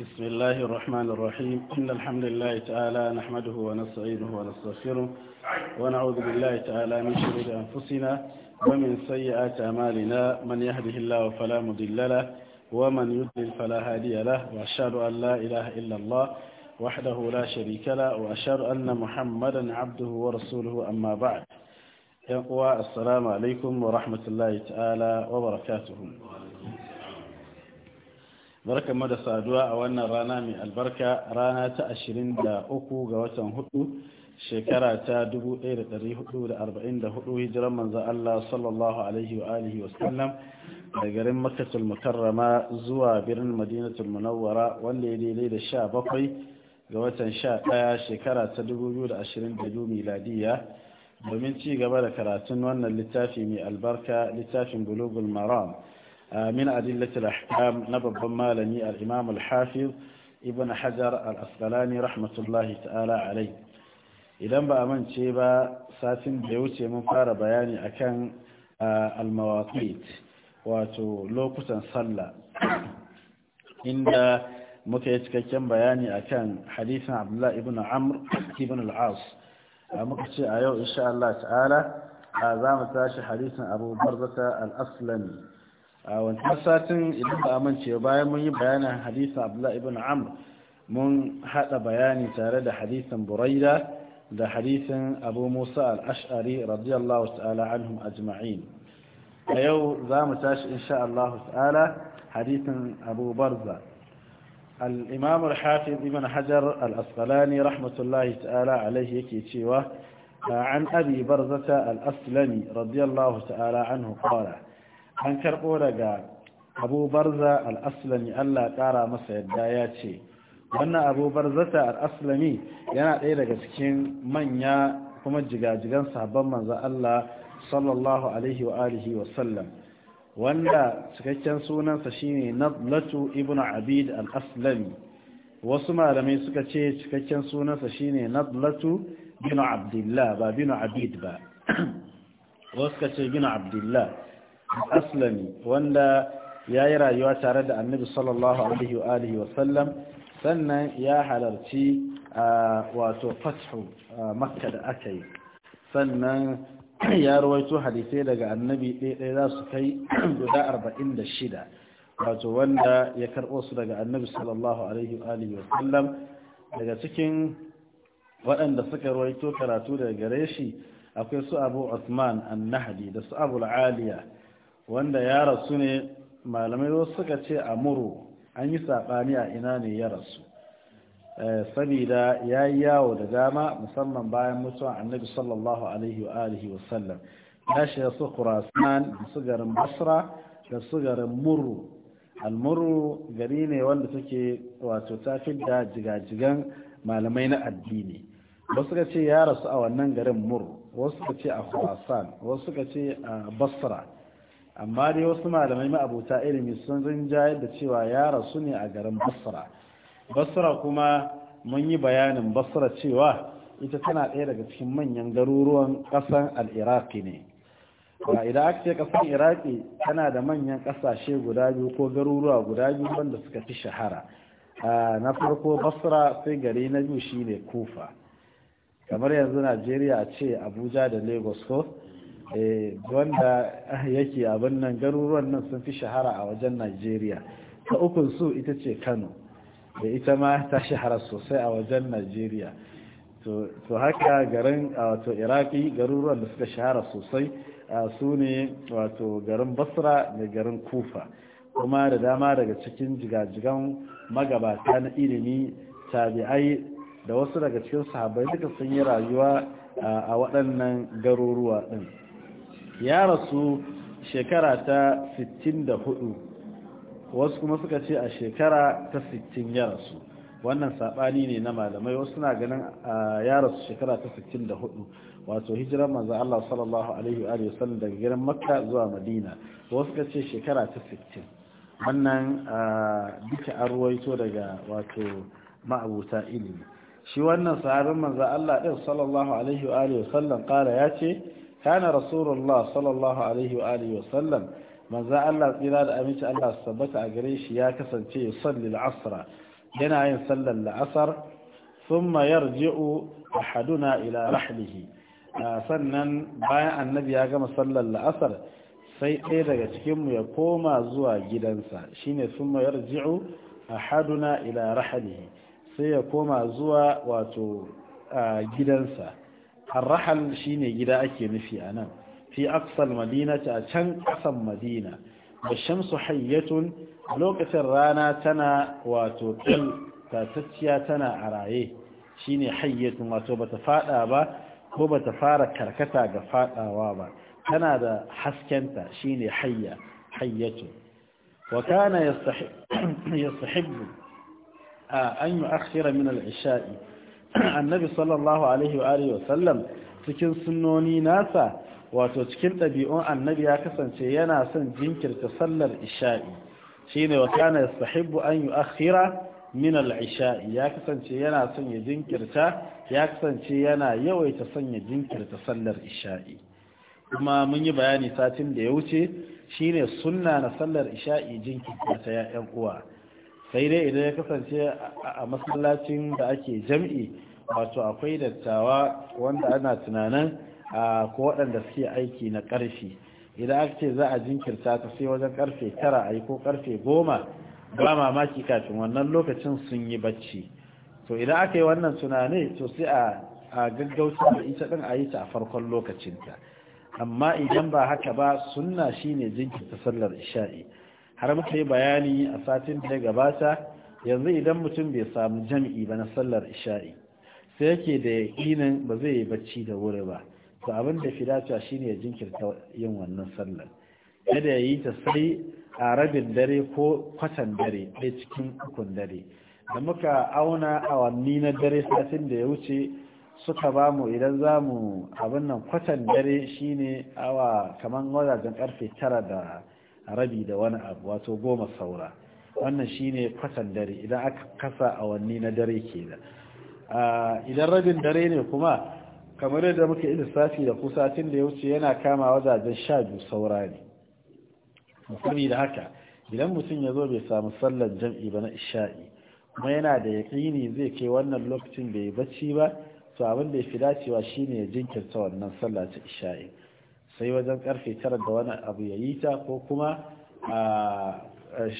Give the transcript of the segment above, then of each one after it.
بسم الله الرحمن الرحيم إن الحمد لله تعالى نحمده ونستعينه ونستغفره ونعوذ بالله تعالى من شرور أنفسنا ومن سيئات أعمالنا من يهده الله فلا مضل له ومن يضلل فلا هادي له وأشهد أن لا إله إلا الله وحده لا شريك له وأشهد أن محمدا عبده ورسوله أما بعد يقوى السلام عليكم ورحمة الله تعالى وبركاته barkamu da saduwa a wannan rana mai albarka rana ta 23 ga watan hudu shekara ta 1444 hijiran manzo Allah sallallahu alaihi wa alihi wa sallam da garin Makkatul Mukarrama zuwa birnin Madinatul Munawwara wanda ya daidai da 17 ga watan 11 shekara ta 2022 miladiya domin ci gaba da karatun wannan littafi mai albarka littafin Bulughul Maram min adillatil ahkam na babban malami al-imam hafiz ibn hajar al-asqalani rahmatullahi ta'ala alai idan ba a mance ba satin da ya wuce mun fara bayani akan al wato lokutan sallah inda muka yi cikakken bayani akan hadisin abdullahi ibn amr ibn al-as muka ce a yau insha Allah ta'ala za mu tashi hadisin abu al aslani a wancan satin idan ba amince bayan mun yi bayanin hadisin abdullahi ibn amr mun hada bayani tare da hadisin buraida da hadisin abu musa al-ash'ari radiyallahu ta'ala anhum ajma'in a yau za mu tashi insha Allah ta'ala hadisin abu barza hafiz الحافظ hajar حجر الأسقلاني رحمة الله تعالى عليه cewa عن أبي برزة الأسلمي رضي الله تعالى عنه قال an karɓo daga abu barza al'aslami allah ƙara masa yadda ya ce wannan abu barzata al'aslami yana ɗaya daga cikin manya kuma jigajigan sabon manzan allah sallallahu alaihi wa alihi wa sallam wanda cikakken sunansa shine nadlatu ibn abid al wasu malamai suka ce cikakken sunansa shine nadlatu bin abdullah ba bin abid ba wasu ka ce bin abdullah aslami wanda ya yi rayuwa tare da annabi sallallahu alaihi wa alihi sannan ya halarci wato fathu makka da aka yi sannan ya ruwaito hadisai daga annabi ɗaya za su kai guda arba'in da shida wato wanda ya karɓo su daga annabi sallallahu alaihi wa alihi daga cikin waɗanda suka rawaito karatu daga gare shi akwai su abu Usman an-Nahdi da su abu al wanda ya rasu ne malamai wasu suka ce a muru an yi saɓani a ina ne ya rasu eh, sabida ya yi yawo da dama musamman bayan mutuwa annabi sallallahu alaihi wa alihi wasallam ya shiga su kurasan da su garin basra da su garin muru almuru gari ne wanda take wato ta da jigajigan malamai na addini wasu ka ce ya rasu a wannan garin muru wasu ka ce a kurasan wasu ka ce a basra amma dai wasu malamai ma'abuta ilimi sun rinjayar da cewa ya rasu ne a garin basra basra kuma mun yi bayanin basra cewa ita tana ɗaya daga cikin manyan garuruwan ƙasan al'iraki ne ba idan aka ce ƙasar iraki tana da manyan ƙasashe guda biyu ko garuruwa guda biyu wanda suka fi shahara na farko basra sai gari na biyu shine kufa kamar yanzu najeriya ce abuja da lagos ko Eh, wanda yake abin nan garuruwan nan sun fi shahara a wajen najeriya ta ukun su ita ce kano da eh, ita ma ta shahara sosai a wajen najeriya to haka garin wato iraki garuruwan da suka shahara sosai su ne wato garin basra da garin kufa kuma da dama daga cikin jigajigan magabata na ilimi tabi'ai da wasu daga cikin sahabbai duka sun yi rayuwa a waɗannan garuruwa ɗin ya rasu shekara ta 64 wasu kuma suka ce a shekara ta 60 ya rasu wannan sabani ne na malamai wasu na ganin ya rasu shekara ta 64 wato hijiran manzo Allah sallallahu alaihi wa alihi daga garin Makka zuwa Madina wasu suka ce shekara ta 60 wannan duka an daga wato ma'abuta ilimi shi wannan sahabin manzo Allah din sallallahu alaihi wa alihi wasallam ya ce kana rasulullah sallallahu alaihi wa alihi wa sallam manzo Allah tsira da aminci Allah sabbata a gare shi ya kasance yusalli al-asr yana yin sallar la'asar thumma yarji'u ahaduna ila rahlihi ah, sannan bayan annabi ya gama sallar la'asar sai ɗaya daga cikin mu ya koma zuwa gidansa shine thumma yarji'u ahaduna ila rahlihi sai ya koma zuwa wato ah, gidansa الرحل شيني جدا أكي نفي أنا في أقصى المدينة أتن أقصى المدينة والشمس حية لوك ثرانا تنا وتوكل تتسيا تنا عرائي شيني حية وتوبة فاتا با هو بتفارك كركتا قفاتا وابا تنا دا حسكنتا شيني حية حية وكان يستحب, يستحب آه، أن يؤخر من العشاء annabi sallallahu alaihi wa alihi wasallam cikin sunnoni nasa wato cikin ɗabi'un annabi ya kasance yana son jinkirta sallar isha'i shine wa kana yastahibu an yu'akhkhira min al-isha'i ya kasance yana son ya jinkirta ya kasance yana yawaita son ya jinkirta sallar isha'i kuma mun yi bayani satin da ya wuce shine sunna na sallar isha'i jinkirta ta 'ya'yan uwa sai dai idan ya kasance a masallacin da ake jam'i wato akwai dattawa wanda ana tunanin ko waɗanda suke aiki na ƙarfi idan aka ce za a jinkirta ta sai wajen ƙarfe tara a yi ko ƙarfe goma ba mamaki kafin wannan lokacin sun yi bacci to idan aka yi wannan tunani to sai a gaggauta da ita ɗin a yi ta a farkon lokacinta amma idan ba haka ba sunna shine jinkirta sallar isha'i har muka yi bayani a satin da ya gabata yanzu idan mutum bai samu jam'i ba na sallar isha'i sai yake da yaƙinin ba zai yi bacci da wuri ba to abin da fi dacewa shine ya jinkirta yin wannan sallar kada ya yi ta sai a rabin dare ko kwatan dare ɗaya cikin ukun dare da muka auna awanni na dare satin da ya wuce suka ba mu idan za mu abin nan kwatan dare shine awa kamar wajajen karfe tara da rabi da wani abu wato goma saura wannan shine kwatan dare idan aka kasa awanni na dare kenan idan rabin dare ne kuma kamar yadda muka lissafi da kusa, tun da ya wuce yana kama wajajen sha biyu saura ne musamman da haka idan mutum ya zo bai samu sallar jam'i ba na isha'i kuma yana da yaƙini zai kai wannan lokacin bai bacci ba to abin da ya fi dacewa shine ya jinkirta wannan sallah ta isha'i sai wajen karfe tara da wani abu ya yi ta ko kuma a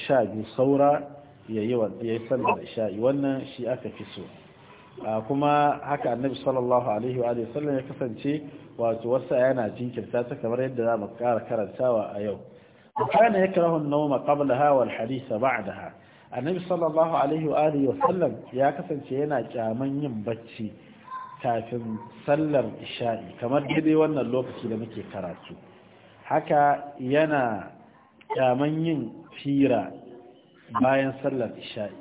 sha biyu saura ya yi sallar wannan shi aka fi so kuma haka annabi sallallahu alaihi wa sallam ya kasance wato wasa yana jinkirta ta kamar yadda za mu kara karantawa a yau kana ya karahu nauma qablaha wal hadisa ba'daha annabi sallallahu alaihi wa sallam ya kasance yana kyaman yin bacci kafin sallar isha'i kamar daidai wannan lokaci da muke karatu haka yana kyaman yin fira bayan sallar isha'i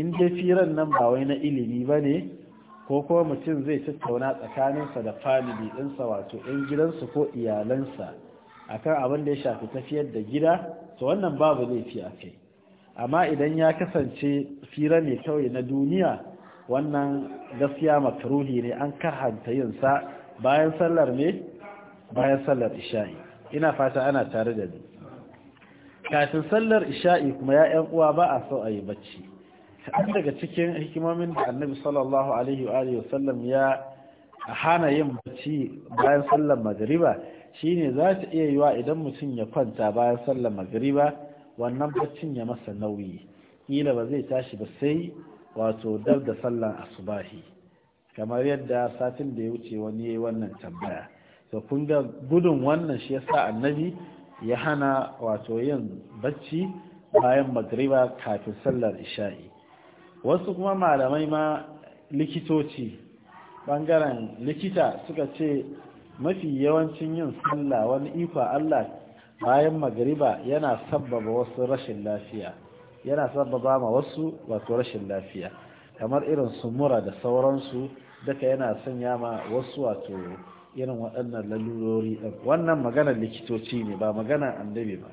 in dai firan nan ba wai na ilimi ba ne ko kuma mutum zai tattauna tsakaninsa da famili ɗinsa wato 'yan gidansu ko iyalansa akan abin da ya shafi tafiyar da gida to wannan babu laifi a kai amma idan ya kasance fira ne kawai na duniya wannan gaskiya makruhi ne an karhanta yin sa bayan sallar ne bayan sallar isha'i ina fata ana tare da ni kafin sallar isha'i kuma ya ƴan uwa ba a so a yi bacci kaɗan daga cikin hikimomin da annabi sallallahu alaihi wa alihi ya hana yin bacci bayan sallar magariba shine za ta iya yiwa idan mutum ya kwanta bayan sallar magariba wannan baccin ya masa nauyi kila ba zai tashi ba sai wato dab da sallan asubahi kamar yadda satin da ya wuce wani ya yi wannan tambaya to kun ga gudun wannan shi yasa annabi ya hana wato yin bacci bayan magriba kafin sallar isha'i wasu kuma malamai ma likitoci bangaren likita suka ce mafi yawancin yin sallah wani ikon allah bayan magriba yana sabbaba wasu rashin lafiya yana sababa ma wasu wato rashin lafiya kamar irin su mura da sauransu duka yana sanya ma wasu wato irin waɗannan lalurori ɗin wannan magana likitoci ne ba magana annabi ba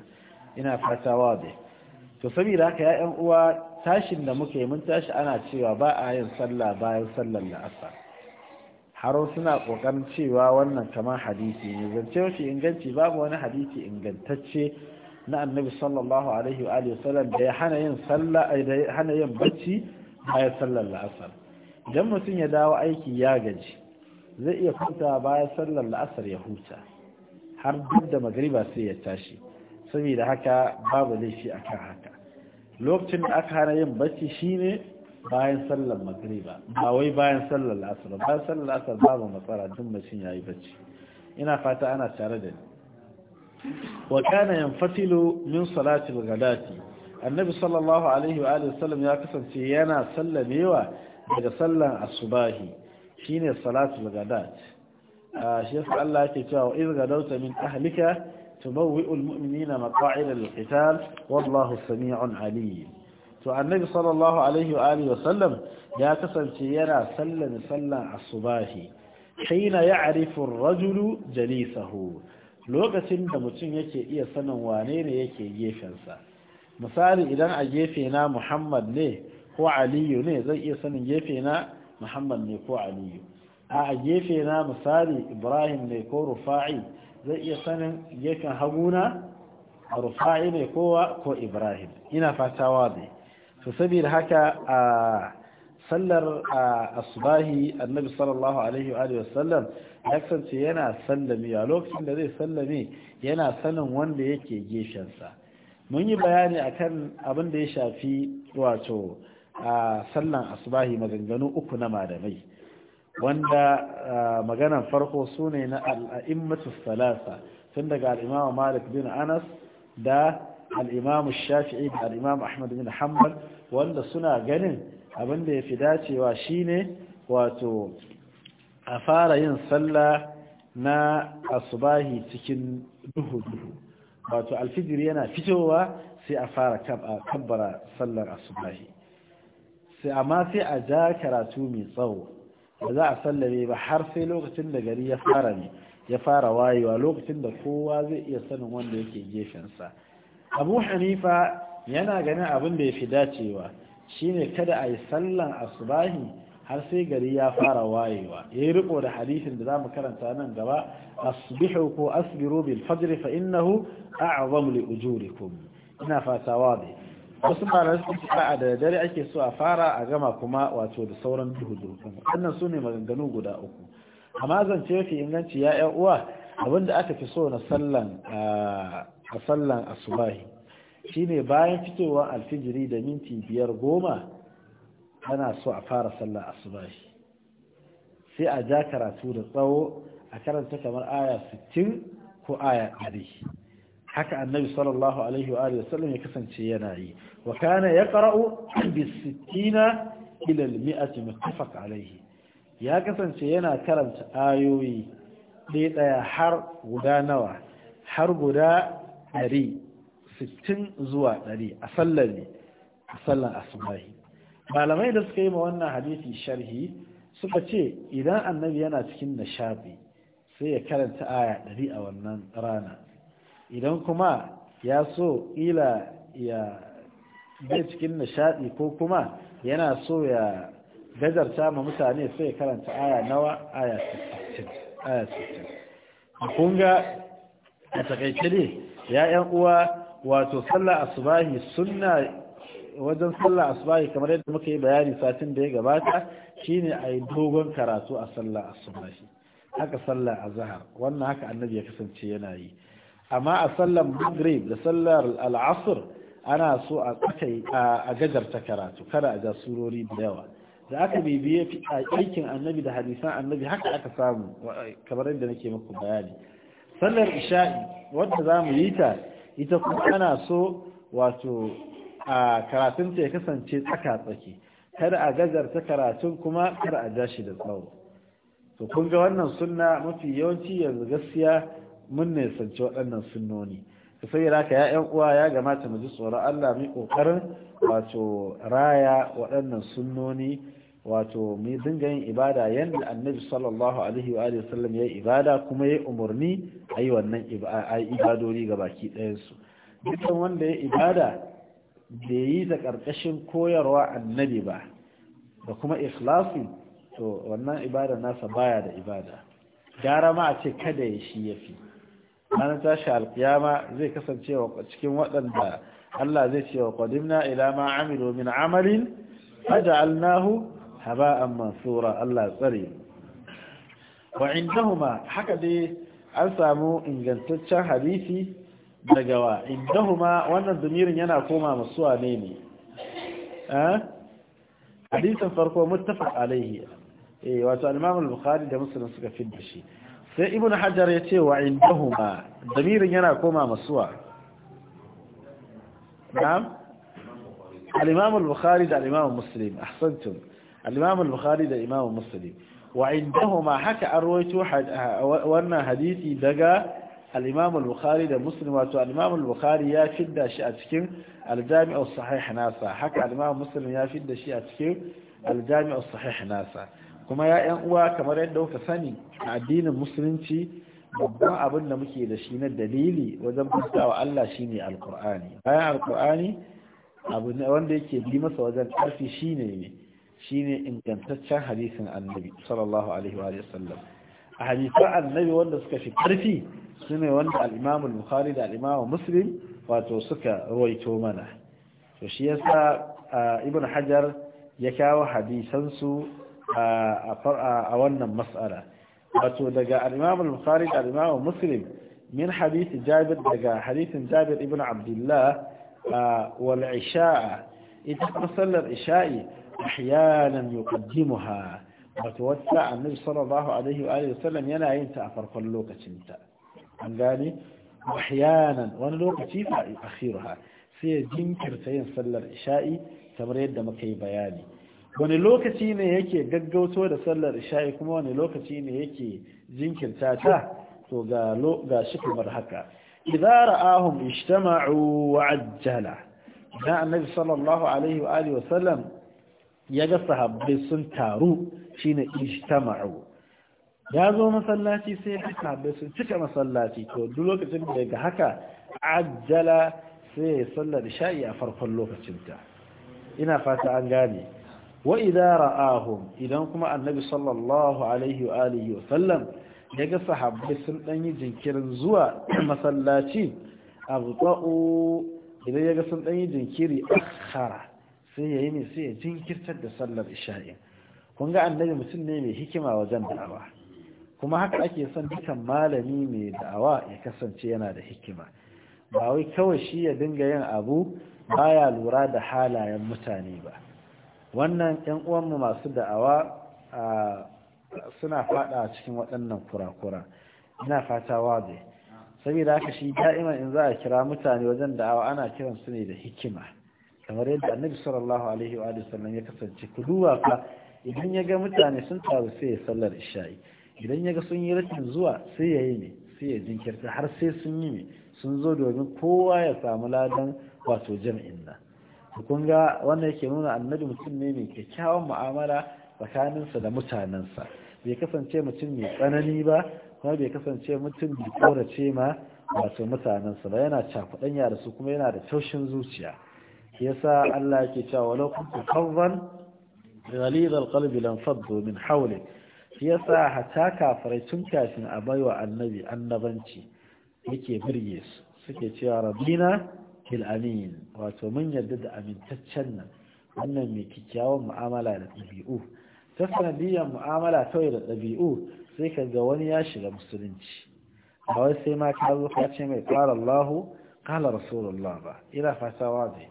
ina fatawa da to saboda haka ya'yan uwa tashin da muke mun tashi ana cewa ba a yin sallah bayan sallar la'asa. haro suna kokarin cewa wannan kamar hadisi ne zance mafi inganci babu wani hadisi ingantacce na annabi sallallahu alaihi wa sallam da ya hana yin eh, da ya bacci bayan sallar la'asar idan mutum ya dawo aiki ya gaji zai iya huta bayan sallar la'asar ya huta har duk da magriba sai ya tashi saboda haka babu laifi a kan haka lokacin da aka hana yin bacci shine bayan sallar magriba ba wai bayan sallar la'asar bayan sallar la'asar babu matsala duk mutum yi bacci ina fata ana tare da ni wa kana yanfasilu min salatil ghadati annabi sallallahu ya kasance yana sallamewa daga sallan asubahi shine salatul ghadat ah, shi yasa Allah yake cewa iz gadawta min ahlika tubawwi'ul mu'minina maq'ida lil-qital wallahu samii'un 'aliim to annabi sallallahu alaihi wa alihi wasallam ya kasance yana sallami sallan asubahi حين يعرف الرجل جليسه lokacin da mutum yake iya sanin wane ne yake gefensa misali idan a gefe na muhammad ne ko aliyu ne zai iya sanin gefe na muhammad ne ko aliyu a gefe na misali ibrahim ne ko rufa'i zai iya sanin gefen haguna rufa'i ne kowa ko ibrahim ina fata wazi su saboda haka a sallar asubahi annabi sallallahu alaihi wa sallam ya kasance yana sallami a lokacin da zai sallame yana sanin wanda yake gefensa mun yi bayani akan abin da ya shafi wato a sallan asubahi maganganu uku na malamai wanda maganan farko su ne na al'immatu salasa tun daga al'imamu malik bin anas da al'imamu shafi'i da al'imamu ahmad bin hamad wanda suna ganin abin da ya fi dacewa shine wato a fara yin sallah na asubahi cikin duhu-duhu wato alfijir yana fitowa sai a fara kabbara sallar asubahi sai amma sai a ja karatu mai tsawo ba za a sallame ba har sai lokacin da gari ya fara ne ya fara wayewa lokacin da kowa zai iya sanin wanda yake gefensa abu hanifa yana ganin abin da ya fi dacewa shine kada a yi sallan asubahi har sai gari ya fara wayewa yayi riko da hadisin da za mu karanta nan gaba asbihu ko asbiru bil fajr fa innahu a'zamu li ujurikum ina fata wadi wasu malamai su ce da dare ake so a fara a gama kuma wato da sauran duhu duhu wannan sune maganganu guda uku amma zance yake inganci ya ƴan uwa abinda aka fi so na sallan ah, a sallan asubahi shine bayan fitowar alfijiri da minti biyar goma ana so a fara sallah asubahi sai a ja karatu da tsawo a karanta kamar aya 60 ko aya 100 haka annabi sallallahu alaihi wa alihi wasallam ya kasance yana yi wa kana yaqra'u bi 60 ila al-mi'ati muttafaq alaihi ya kasance yana karanta ayoyi ɗaya ɗaya har guda nawa har guda 100 60 zuwa 100 a sallar a sallar asubahi malamai da suka yi ma wannan hadisi sharhi suka ce idan annabi yana cikin nishadi sai ya karanta aya ɗari a wannan rana idan kuma ya so ila ya bai cikin nishadi ko kuma yana so ya gajarta ma mutane sai ya karanta aya nawa aya 60 kunga a takaice ne ya uwa wato sallah asubahi sunna wajen sallah asubahi kamar yadda muka yi bayani satin da ya gabata shine a yi dogon karatu a sallah asubahi haka sallah a Zahar wannan haka annabi ya kasance yana yi amma a sallar maghrib da sallar Al'asur ana so a tsakai a gajarta karatu kada a ja surori da yawa da aka bibiye aikin annabi da hadisan annabi haka aka samu kamar yadda nake muku bayani sallar isha'i wadda za mu yi ta ita kuma ana so wato a karatun ta ya kasance tsaka tsaki kada a gazarta karatun kuma kada a jashi da tsawo to kun ga wannan sunna mafi yawanci yanzu gaskiya mun ne sanci waɗannan sunnoni Ka sai ya ya yan uwa ya gamata mu ji tsoro. Allah mu kokarin wato raya waɗannan sunnoni wato mu dinga yin ibada yanda annabi sallallahu alaihi wa alihi wasallam yayi ibada kuma yayi umurni ayi wannan ibada ayi ibadori ga baki ɗayan su dukkan wanda ya ibada bai yi da ƙarƙashin koyarwa annabi ba da kuma ikhlasi to wannan ibada nasa baya da ibada gara ma a ce kada ya shi ya fi ranar tashi alkiyama zai kasance cikin waɗanda Allah zai ce wa qadimna ila ma amilu min amalin faj'alnahu haba'an mansura Allah tsare wa indahuma haka dai an samu ingantaccen hadisi daga wa indahuma wannan damirin yana koma masuwa ne ne eh? hadisin farko muttafaq alaihi eh wato al-Imam al-Bukhari da Muslim suka fidda shi sai Ibn Hajar ya ce wa indahuma damirin yana koma masuwa na'am al-Imam al-Bukhari da al-Imam Muslim ahsantum al-Imam al-Bukhari da Imam Muslim wa indahuma haka arwayto wannan hadisi daga al-imam al-bukhari da muslim wato al-imam al-bukhari ya fidda shi a cikin al sahih nasa haka al-imam muslim ya fidda shi a cikin aljami'a jami sahih nasa kuma ya yan uwa kamar yadda kuka sani a addinin musulunci babban abin da muke da shi na dalili wajen wa Allah shine al-qur'ani bayan al abu wanda yake bi masa wajen karfi shine ne ingantaccen hadisin annabi sallallahu alaihi wa sallam a hadisan annabi wanda suka fi karfi su ne wanda al'imamun bukhari da al'imamun muslim wato suka ruwaito mana to shi yasa ibn hajar ya kawo hadisansu a wannan mas'ala wato daga al'imamun bukhari da al'imamun muslim min hadisi jabir daga hadisin jabir ibn abdullah wal ita masallar isha'i ahyanan yuqaddimuha wato wata annabi sallallahu alaihi wa sallam yana yin ta a farkon lokacinta an gane wahyanan wani lokaci fa akhiruha sai ya jinkirta yin sallar isha'i kamar yadda muka yi bayani wani lokaci ne yake gaggauto da sallar isha'i kuma wani lokaci ne yake jinkirta ta to ga ga shi kamar haka idza ra'ahum ijtama'u wa ajjala da annabi sallallahu alaihi wa alihi wa sallam yaga sahabbai sun taru shine ijtama'u ya zo masallaci sai haka da su cika masallaci to duk lokacin da ga haka ajjala sai ya sallar sha'i a farkon lokacinta ina fata an gane wa idza ra'ahum idan kuma annabi sallallahu alaihi wa alihi wa sallam ga sahabbai sun dan yi jinkirin zuwa masallaci abta'u idan ga sun dan yi jinkiri akhara sai yayi ne sai ya jinkirtar da sallar isha'i kun ga annabi mutum ne mai hikima wajen da'awa kuma haka ake son dukan malami mai da'awa ya kasance yana da hikima ba wai kawai shi ya dinga yin abu baya lura da halayen mutane ba wannan yan uwanmu masu da'awa suna fada cikin waɗannan kurakura ina fata wabe saboda haka shi da'ima in za a kira mutane wajen da'awa ana kiran su ne da hikima kamar yadda annabi sallallahu alaihi wa sallam ya kasance ku duba fa idan ya ga mutane sun taru sai ya sallar isha'i idan ya ga sun yi rashin zuwa sai ya yi ne sai ya jinkirta har sai sun yi ne sun zo domin kowa ya samu ladan wato jam'in nan kun ga wannan yake nuna annabi mutum ne mai kyakkyawan mu'amala tsakaninsa da mutanensa bai kasance mutum mai tsanani ba kuma bai kasance mutum mai korace ma wato mutanensa ba yana cakuɗanya da su kuma yana da taushin zuciya yasa Allah yake cewa walau kuntu fadhlan ghalid alqalbi lan faddu min haule. shi yasa hata kafirai tun kafin a baiwa annabi annabanci yake birge su suke cewa rabina bil amin wato mun yarda da amintaccen nan wannan mai kikkiawan mu'amala da ɗabi'u ta sanadiyar mu'amala kawai da ɗabi'u sai ka ga wani ya shiga musulunci a wai sai ma ka zo ka ce mai ƙara Allahu kala rasulullah ba ina fata waje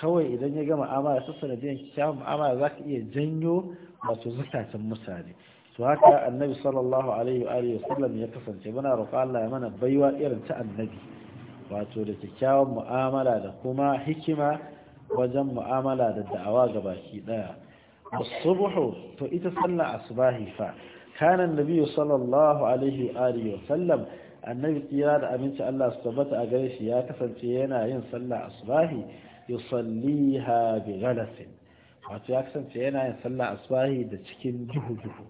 kawai idan ya ga mu'amala ta sanadiyar kikkiawan mu'amala za ka iya janyo wato zukatan mutane su haka annabi sallallahu alaihi wa alihi ya kasance muna roƙa Allah ya mana baiwa irin ta annabi wato da kyakkyawan mu'amala da kuma hikima wajen mu'amala da da'awa ga baki daya as-subhu to ita sallar asbahi fa kana annabi sallallahu alaihi wa alihi annabi tsira da aminci Allah su tabbata a gare shi ya kasance yana yin sallar asbahi yusalliha bi ghalasin wato ya kasance yana yin sallar asbahi da cikin juhu juhu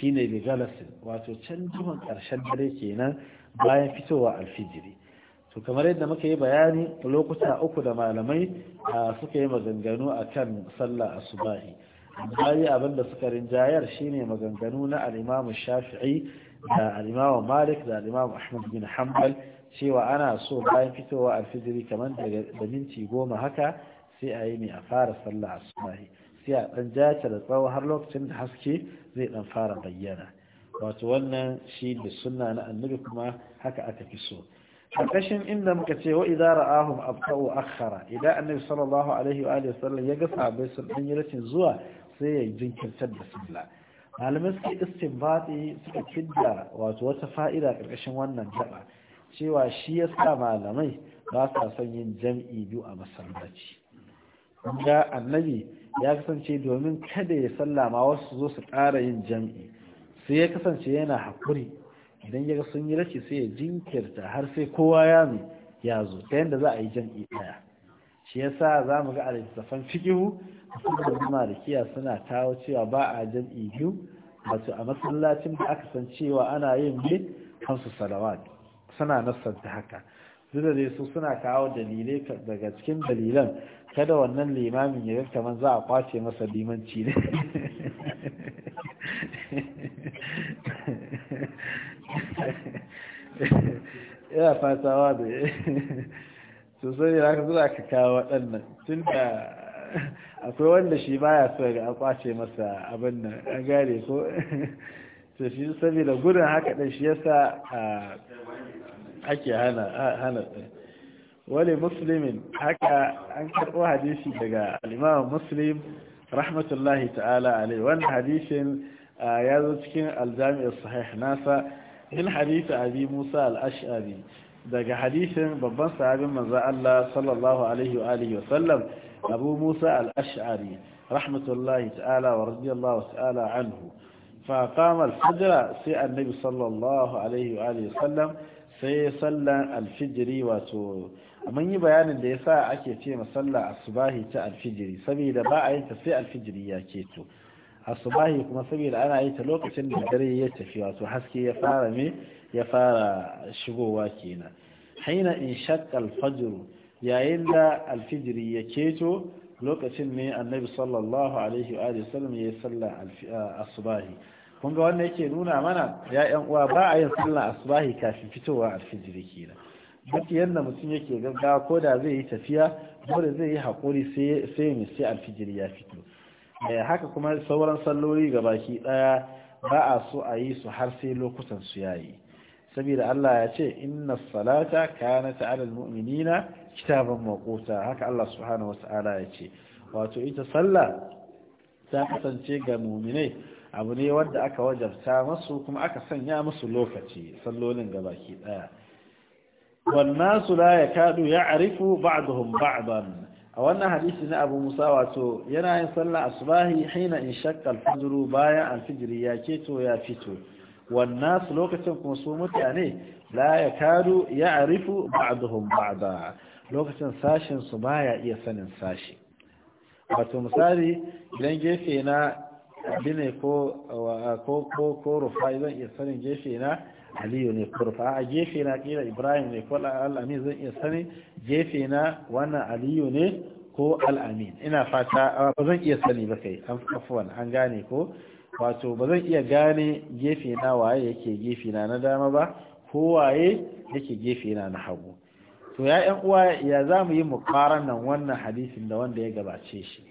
shine da galasin wato can karshen ƙarshen dare kenan bayan fitowa alfijiri to kamar yadda muka yi bayani lokuta uku da malamai a suka yi maganganu a kan sallah a asubahi bayi abin da suka rinjayar shine maganganu na al'imamu shafi'i da al'imamu malik da al'imamu ahmad bin hanbal cewa ana so bayan fitowa alfijiri kamar da minti goma haka sai a yi ne a fara sallah a asubahi sai a ɗan jace da tsawo har lokacin da haske zai dan fara bayyana wato wannan shi da sunna na annabi kuma haka aka fi so karkashin inda muka ce wa idza ra'ahum abqa'u akhara idan annabi sallallahu alaihi wa alihi wasallam ya ga sahabbai sun dan yi rashin zuwa sai ya jinkirtar da sunna malamai suka istinbati suka kidda wato wata fa'ida karkashin wannan gaba cewa shi yasa malamai ba sa son yin jam'i biyu a masallaci ga annabi ya kasance domin kada ya sallama wasu zo su ƙara yin jam'i sai ya kasance yana haƙuri idan ya ga sun yi rashi sai ya jinkirta har sai kowa ya mu ya zo ta yadda za a yi jam'i ɗaya shi yasa za mu ga a littattafan fikihu da kiya suna kawo cewa ba a jam'i biyu wato a masallacin da aka san cewa ana yin bi kansu salawat suna da haka duk dai su suna kawo dalilai daga cikin dalilan kada wannan limamin ya ga man za a kwace masa limanci ne yana fatawa da sosai ya ka ka kawo waɗannan tun da akwai wanda shi baya so ga a kwace masa abin nan a gare ko to shi saboda gudun haka ɗan shi yasa ah, ake hana wale muslimin haka an karɓo hadisi daga alimawan muslim rahmatullahi ta'ala alai wani hadisin ya zo cikin aljami'ar sahih nasa min hadisi abi musa al'ash'ari daga hadisin babban sahabin manzo Allah sallallahu alaihi wa alihi wa sallam abu musa al'ash'ari rahmatullahi ta'ala wa radiyallahu ta'ala anhu fa qama al-fajr sai annabi sallallahu alaihi wa alihi wa sallam sai sallan alfijiri wato mun yi bayanin da yasa ake ce sallar asubahi ta alfijiri saboda ba a yi ta sai alfijiri ya keto asubahi kuma saboda ana yi ta lokacin da dare ya tafi wato haske ya fara me ya fara shigowa kenan haina in shaqqa alfajr yayin da alfijiri ya keto lokacin ne annabi sallallahu alaihi wa sallam ya yi sallar asubahi kun ga wannan yake nuna mana ya yan uwa ba a yin sallar asubahi kafin fitowa fijiri kenan duk yadda mutum yake gaggawa ko da zai yi tafiya dole zai yi haƙuri sai ya sai alfijiri ya fito eh, haka kuma sauran salloli ga baki ɗaya ba a so a yi su har sai lokutan su yayi saboda Allah ya ce inna salata kanat ala almu'minina kitaban makota haka Allah subhanahu wata'ala ya ce wato ita sallah ta kasance ga mu'minai abu ne wanda aka wajabta masu kuma aka sanya musu lokaci sallolin ga baki daya wannan su la ya kadu ba'dhum ba'dan a wannan hadisi na abu musa wato yana yin sallah asbahi hina in shakka al bayan alfijiri ya keto ya fito wannan su lokacin kuma su mutane la ya kadu ba'dhum ba'da lokacin sashin su baya iya sanin sashi wato misali idan gefe na abi ne ko ko ko rufa'i zan iya sanin jefe na aliyu ne ko rufa a jefe na kira ibrahim ne ko al'amin zan iya sanin jefe na wannan aliyu ne ko al'amin ina fata ba zan iya sani ba kai an wani an gane ko wato ba zan iya gane jefe na waye yake gefe na na dama ba ko waye yake gefe na na hagu to ya yan uwa ya za mu yi mukaran nan wannan hadisin da wanda ya gabace shi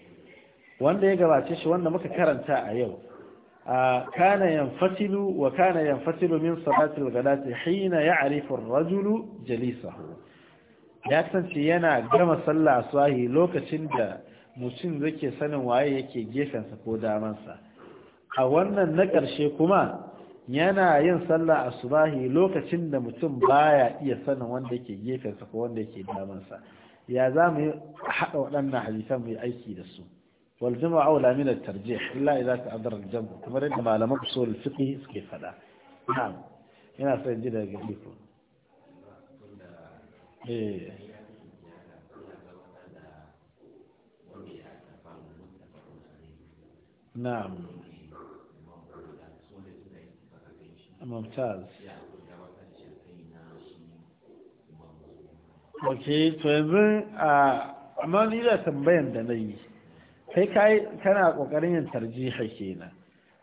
wanda ya gabace shi wanda muka karanta a yau kana yanfasilu wa kana yanfasilu min salatil ghadati hina ya'rifu ar-rajulu jalisahu ya kasance yana gama sallah aswahi lokacin da mutum zake sanin waye yake gefensa ko damansa a wannan na karshe kuma yana yin sallah asbahi lokacin da mutum baya iya sanin wanda yake gefensa ko wanda yake damansa ya za mu haɗa waɗannan hadisan mu aiki da su والجمع أولى من الترجيح إلا إذا تعذر الجمع كما إنما لم أصول الفقه كيف لا نعم هنا سيجد قبلكم إيه. نعم ممتاز ok to طيب، آه، ما a amma ni sai kai kana kokarin yin tarjiha kenan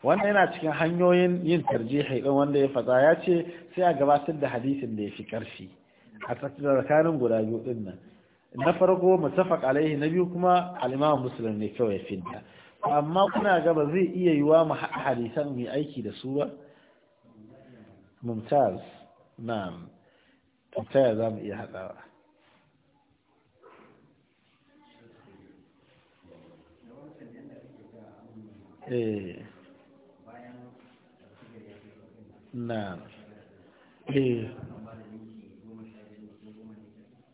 wannan yana cikin hanyoyin yin tarjihi din wanda ya fada ya ce sai a gabatar da hadisin da ya fi karfi a tsakanin guda biyu din nan na farko mutafaq alaihi na biyu kuma al-imam muslim ne kawai fidda amma kuna gaba zai iya yiwa mu haɗa hadisan mai aiki da su ba mumtaz na'am mumtaz za mu iya haɗawa Eh. Eh. Eh, na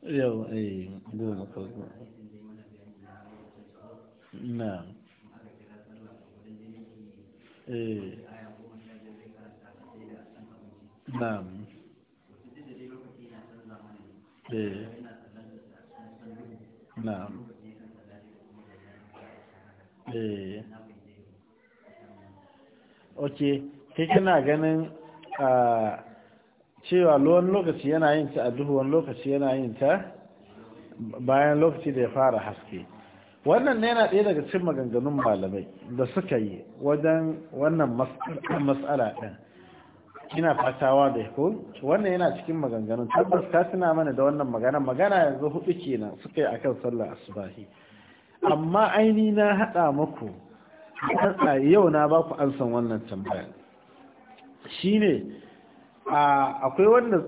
yau goma farko ke kai kana ganin cewa wani lokaci yana yin ta a duhu wani lokaci yana yin ta bayan lokaci da ya fara haske wannan ne yana ɗaya daga cikin maganganun malamai da suka yi wajen wannan matsala ɗin ina fatawa da ko wannan yana cikin maganganun tabbas ka tuna mana da wannan magana magana yanzu hudu kenan suka yi akan sallar asubahi amma aini na haɗa muku a yau na ba ku ansan wannan tambaya ne akwai wanda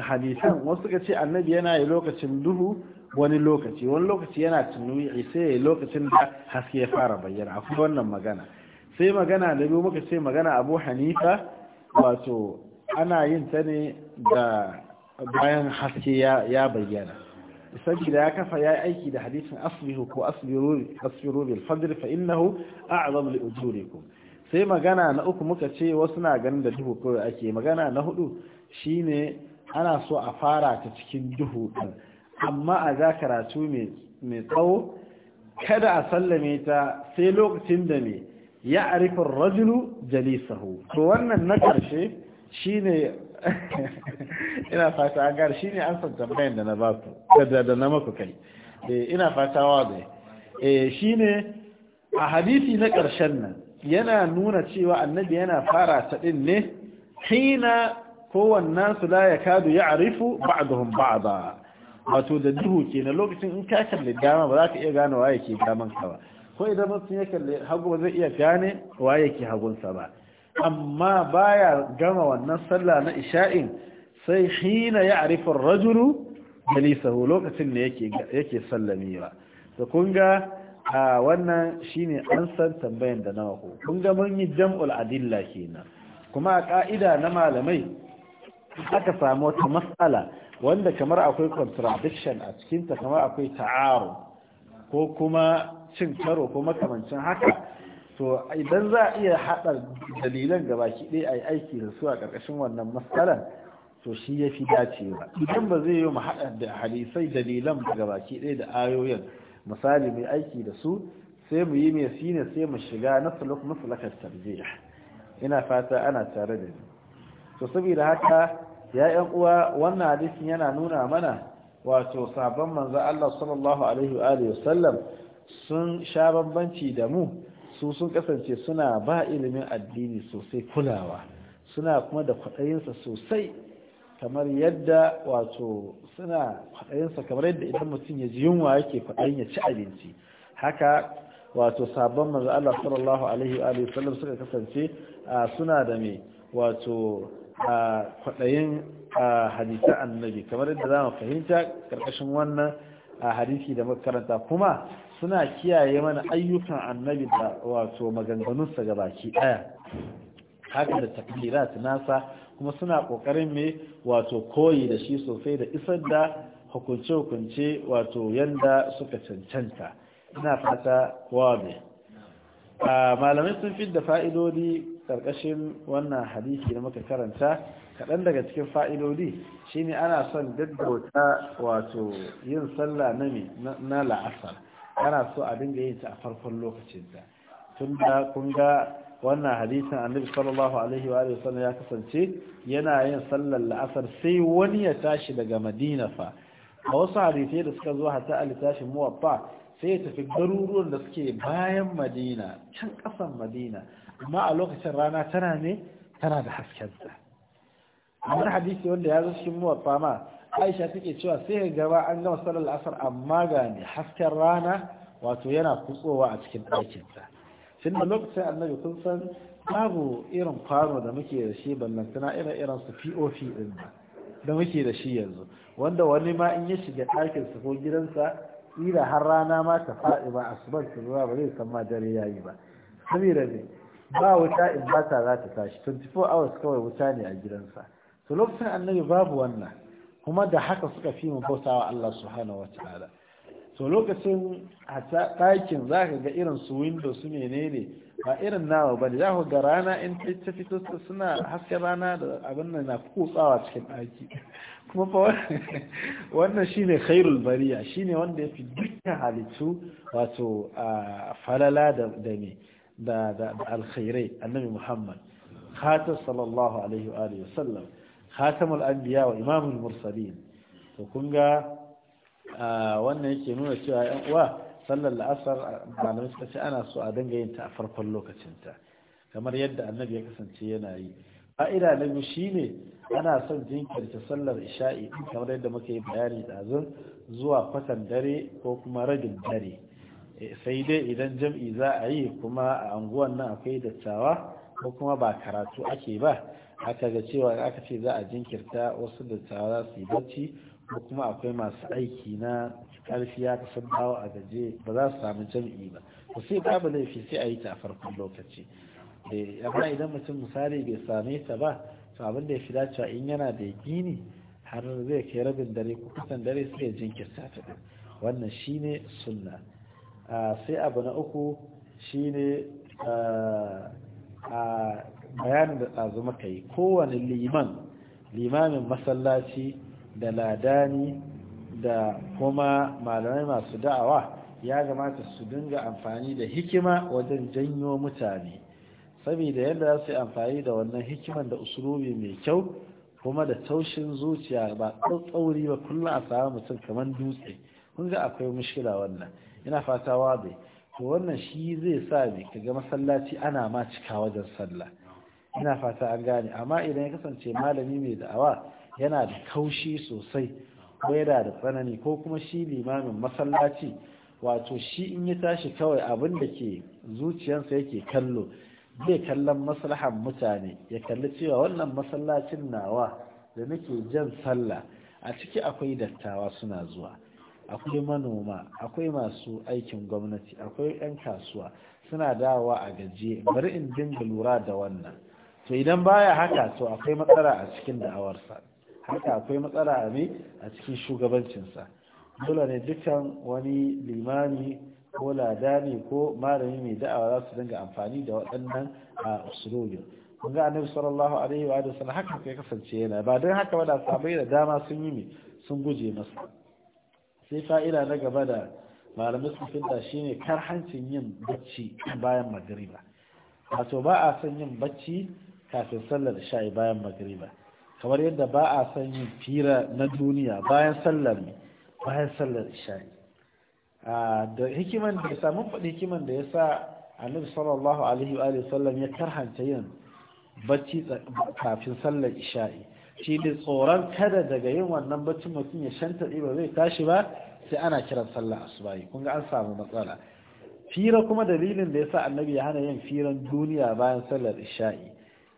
hadisan wasu suka ce annabi yana yi lokacin duhu wani lokaci wani lokaci yana tunuyi sai ya yi lokacin da haske ya fara bayyana akwai wannan magana sai magana da biyu muka ce magana abu hanifa wato ana yin ta ne da bayan haske ya bayyana saboda ya kafa ya aiki da hadisin asbihu ko asbiru bil fadr fa innahu a'zamu li ujurikum sai magana na uku muka ce wasu na ganin da duhu kawai ake magana na hudu shine ana so a fara ta cikin duhu din amma a za karatu mai tsawo kada a sallame ta sai lokacin da ne ya arifin rajulu jalisahu to wannan na ƙarshe shine ina fata an shi ne an san tambayan da na ba ku da na maku kai eh, ina fata wa da eh, shi ne a hadisi na ƙarshen nan yana nuna cewa annabi yana fara ta din ne hina kowannan su la yakadu ya'rifu ba'dhum ba'da wato da duhu ke na lokacin in ka kalli dama ba za ka iya gane waye ke daman ka ba ko idan mutum ya kalli hagu ba zai iya gane waye ke hagunsa ba amma baya gama wannan sallah na isha'in sai hina ya arifin rajulu jalisahu lokacin ne yake sallamewa da kun ga a wannan shine an san tambayan da nawa ko kun ga mun yi jam'ul adilla kenan kuma a ka'ida na malamai aka samu wata matsala wanda kamar akwai contradiction a cikinta kamar akwai ta'aru ko kuma cin karo ko makamancin haka so idan za a iya haɗa dalilan gabaki ɗaya a yi aiki da su a ƙarƙashin wannan matsalan to shi ya fi dacewa idan ba zai yi mu haɗa da halisai dalilan gabaki ɗaya da ayoyin misali mai aiki da su sai mu yi mai sine sai mu shiga na suluk masulakar tarjiya ina fata ana tare da ni to saboda haka ya yan uwa wannan hadisin yana nuna mana wato sabon manzo Allah sallallahu alaihi wa alihi sun sha bambanci da mu su sun kasance suna ba ilimin addini sosai kulawa suna kuma da kwaɗayinsa sosai kamar yadda wato suna kwaɗayinsa kamar yadda idan mutum ya ji yunwa yake kwaɗayin ya ci abinci haka wato sabon manzo Allah sallallahu alaihi wa sallam suka kasance suna da me wato kwaɗayin hadisan annabi kamar yadda za mu fahimta karkashin wannan hadisi da muka karanta kuma suna kiyaye mana ayyukan annabi da wato maganganunsa baki ɗaya, haka da takdirat nasa kuma suna ƙoƙarin me wato koyi da shi sosai da isar da hukunce-hukunce wato yanda suka cancanta ina fata wabe malamai sun fi da fa'idodi ƙarƙashin wannan hadisi da muka karanta kaɗan daga cikin fa'idodi shine ana son daddauta wato yin sallah na la'asar ana so a dinga yin ta a farkon ta. tun da kun ga wannan hadisin annabi sallallahu alaihi wa alihi wasallam ya kasance yana yin sallar la'asar sai wani ya tashi daga madina fa a wasu hadisai da suka zo hata a littafin muwaffa sai ya tafi garuruwan da suke bayan madina can kasan madina amma a lokacin rana tana ne tana da haskenta wannan hadisi wanda ya zo cikin muwaffa ma aisha take cewa sai gaba an gama salar asar amma ga ne hasken rana wato yana kutsowa a cikin ɗakinta tun da lokacin annabi kun san babu irin kwano da muke da shi ballantana irin irin su pop din da muke da shi yanzu wanda wani ma in ya shiga ɗakinsa ko gidansa ila har rana ma ta faɗi ba asubar ta zuwa ba zai san ma dare yayi ba saboda ne ba wuta in ba ta za ta tashi 24 hours kawai wuta ne a gidansa to lokacin annabi babu wannan kuma da haka suka fi mu bautawa Allah subhanahu wataala to lokacin a ɗakin za ka ga irin su windo su menene ba irin nawa ba ne za ga rana in ta fito suna hasken rana da abin nan na kutsawa cikin ɗaki kuma fa wannan shine khairul bariya shine wanda ya fi dukkan halittu wato falala da ne da alkhairai annabi muhammad khatar sallallahu alaihi wa sallam khatamul anbiya wa imamul mursalin to kun ga wannan yake nuna cewa yan uwa sallar la'asar malamai suka ce ana so a dinga yin ta a farkon lokacinta kamar yadda annabi ya kasance yana yi fa'ida na biyu shine ana son jinkirta sallar isha'i kamar yadda muka yi bayani ɗazun zuwa kwatan dare ko kuma rabin dare eh, sai dai idan jam'i za a yi kuma a anguwan nan akwai dattawa ko kuma ba karatu ake ba haka ga cewa aka ce za a jinkirta wasu da tsara su yi barci ko kuma akwai masu aiki na karfi ya kasan bawa a gaje ba za su samu jam'i ba ko sai babu laifi sai a yi ta a farkon lokaci eh, amma idan mutum misali bai same ta ba to abin da ya fi dacewa in yana da gini har zai kai rabin dare ko kusan dare sai ya jinkirta ta wannan shine sunna ah, sai abu na uku shine a ah, ah, bayanin da ɗazu maka yi kowane liman limamin masallaci da ladani da kuma malamai masu da'awa ya gamata su dinga amfani da hikima wajen janyo mutane saboda yadda za su yi amfani da wannan hikiman da usulubi mai kyau kuma da taushin zuciya ba tsautsauri ba kullum a samu mutum kamar dutse kun ga akwai mushkila wannan ina fata wabe to wannan shi zai sa ne kaga masallaci ana ma cika wajen sallah ina fata an gane amma idan ya kasance malami mai da'awa yana da kaushi sosai ko yana da tsanani ko kuma shi limamin masallaci wato shi in ya tashi kawai abin da ke zuciyarsa yake kallo zai kallon maslahan mutane ya kalli cewa wannan masallacin nawa da nake jan sallah a ciki akwai dattawa suna zuwa akwai manoma akwai masu aikin gwamnati akwai 'yan kasuwa suna dawowa a gaje bari in dinga lura da wannan to idan baya haka to akwai matsala a cikin da'awarsa haka akwai matsala a mai a cikin shugabancinsa dole ne dukkan wani limami ko ladani ko malami mai da'awa za su dinga amfani da waɗannan a usulobin kun ga annabi sallallahu alaihi wa sallam haka kai kasance yana ba don haka ba da sabai da dama sun yi sun guje masa sai fa'ida na gaba da malamin sun fita kar hancin yin bacci bayan magariba wato ba a son yin bacci kafin sallar sha'i bayan magriba kamar yadda ba a son yin fira na duniya bayan sallar bayan sallar isha'i da hikiman da yasa faɗi hikiman da ya sa annabi sallallahu alaihi wa sallam ya karhanta yin bacci kafin sallar isha'i shi ne tsoron kada daga yin wannan baccin mutum ya shanta ba zai tashi ba sai ana kiran sallar asubahi kun ga an samu matsala fira kuma dalilin da ya sa annabi ya hana yin firan duniya bayan sallar isha'i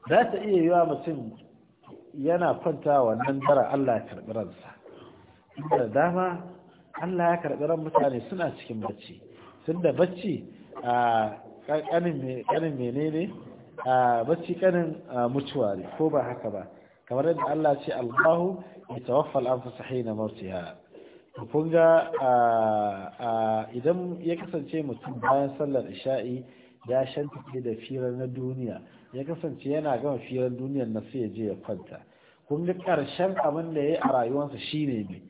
za ta iya yi wa mutum yana kwanta wannan dara Allah ya karɓi ransa da dama Allah ya karɓi ran mutane suna cikin bacci tun da bacci a ƙanin ne a bacci ƙanin mutuwa ne ko ba haka ba kamar yadda Allah ce Allahu ya tawaffa al'amfasa na mautiya kun ga idan ya kasance mutum bayan sallar isha'i ya shanta da firar na duniya ya kasance yana gama firar duniyar na sai ya je ya kwanta kun ga karshen abin da ya yi a rayuwarsa shine ne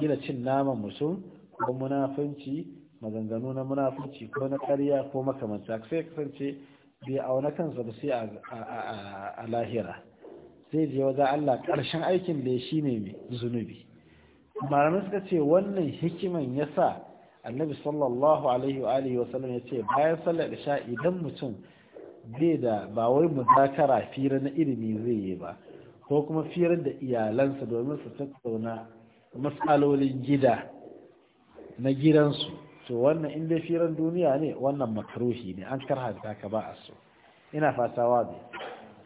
gina cin naman mutum ko munafunci maganganu na munafunci ko na ƙarya ko makamanta sai ya kasance bai auna kansa ba sai a lahira sai je wajen Allah karshen aikin da ya ne mai zunubi malamai suka ce wannan hikiman ya sa annabi sallallahu alaihi wa alihi ya ce bayan sallar sha idan mutum bai da ba wai muzakara fira na ilimi zai yi ba ko kuma firar da iyalansa domin su tattauna matsalolin gida na gidansu to wannan in dai firar duniya ne wannan makaruhi ne an da ka ba a so ina fata wazi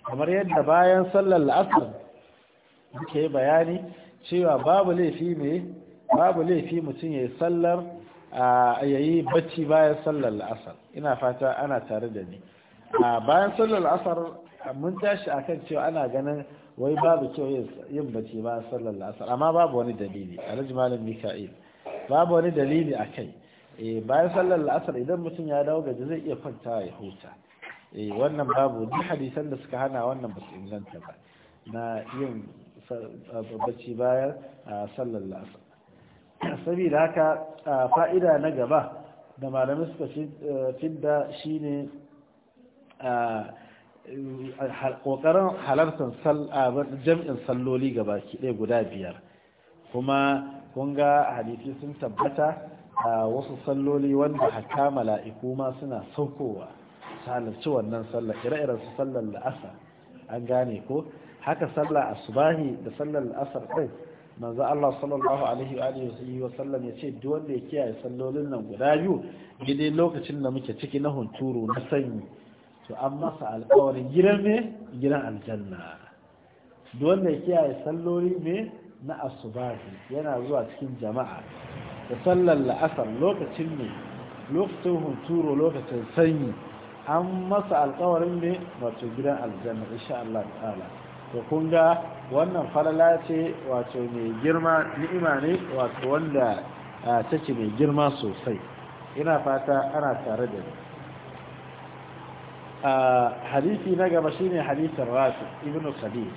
kamar yadda bayan sallar la'asar muke bayani cewa babu laifi ne babu laifi mutum ya yi sallar a yayi bacci bayan sallar la'asar ina fata ana tare da ni a bayan sallar asar mun tashi akan cewa ana ganin wai babu kyau yin bacci bayan sallar asar amma babu wani dalili alhaji malam mika'il babu wani dalili a kai eh, bayan sallar asar idan mutum ya dawo gaji zai iya kwanta ya huta eh, wannan babu duk hadisan da suka hana wannan basu inganta ba na yin bacci bayan sallar asar saboda haka fa'ida na gaba da malamai suka eh, fidda shine Ƙoƙarin halartar jam'in salloli ga baki ɗaya guda biyar kuma kun ga hadisi sun tabbata a wasu salloli wanda haka mala'iku ma suna saukowa halarci wannan sallar ire-iren su sallar la'asa an gane ko haka sallar asubahi da sallar la'asar ɗin manzo Allah sallallahu alaihi wa alihi wa sallam yace duk wanda ya kiyaye sallolin nan guda biyu daidai lokacin da muke ciki na hunturu na sanyi to an masa alkawarin gidan ne gidan aljanna wanda kiyaye salloli ne na asubahi yana zuwa cikin jama'a da sallar la'asar lokacin ne lokacin hunturu lokacin sanyi an masa alkawarin ne wato gidan aljanna insha Allah ta'ala to kun ga wannan falala ce wato mai girma ni'ima ne wato wanda ce ah, mai girma sosai ina fata ana tare da ni hadisi na gaba shine hadisin rafi ibn khadij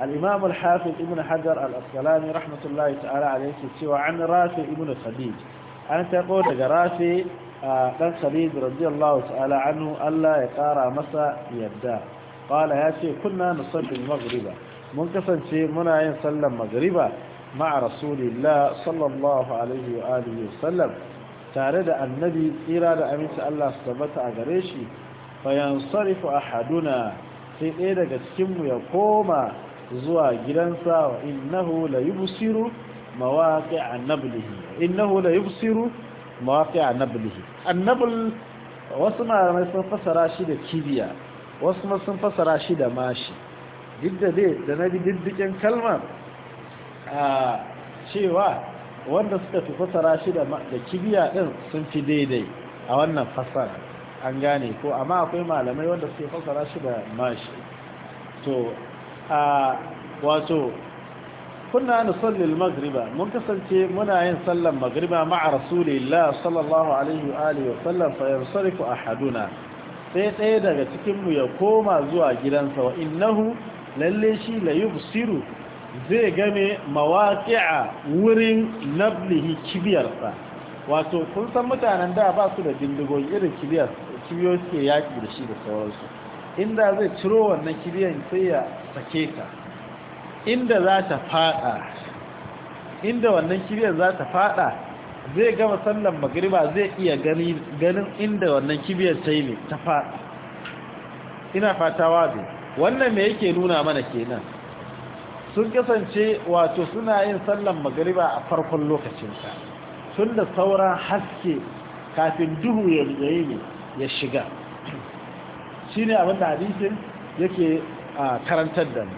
al-imam al-hafiz ibn hajar al-asqalani rahmatullahi ta'ala alayhi cewa an rafi ibn khadij an taqo daga rafi dan khadij radiyallahu ta'ala anhu Allah ya kara masa yadda ya ce kunna nusalli al-maghriba mun kasance muna yin sallar maghriba مع رسول الله صلى الله عليه وآله وسلم تارد النبي إرادة أمس الله سبت fayansarifu ahaduna sai ɗaya daga cikinmu ya koma zuwa gidansa wa innahu la yubsiru mawaqi'a nablihi innahu la yubsiru mawaqi'a nablihi annabl wasu malamai sun fasara shi da kibiya wasu ma sun fasara shi da mashi duk da dai da na diddikin kalmar a cewa wanda suka fi fasara shi da kibiya din sun fi daidai a wannan fasara an gane ko amma akwai malamai wanda suke fassara shi da mashi to a wato kunna nusalli al-maghriba mun kasance muna yin sallan maghriba ma'a rasulillah sallallahu alaihi wa alihi wa sallam fa yansarifu ahaduna sai ɗaya daga cikin mu ya koma zuwa gidansa wa innahu lalle shi la yubsiru zai game mawaqi'a wurin nablihi kibiyarsa wato kun san mutanen da ba su da bindigogi irin kibiyar kibiyoyi suke yaƙi da shi da sauransu inda zai ciro wannan kibiyan sai ya sake ta inda za ta fada inda wannan kibiyan za ta fada zai gama sallan magriba zai iya ganin inda wannan kibiyan sai ne ta fada ina fata wazi wannan me yake nuna mana kenan sun kasance wato suna yin sallan magriba a farkon lokacinsa tun da sauran haske kafin duhu ya zai ne ya shiga shi ne abinda hadisin yake karantar da mu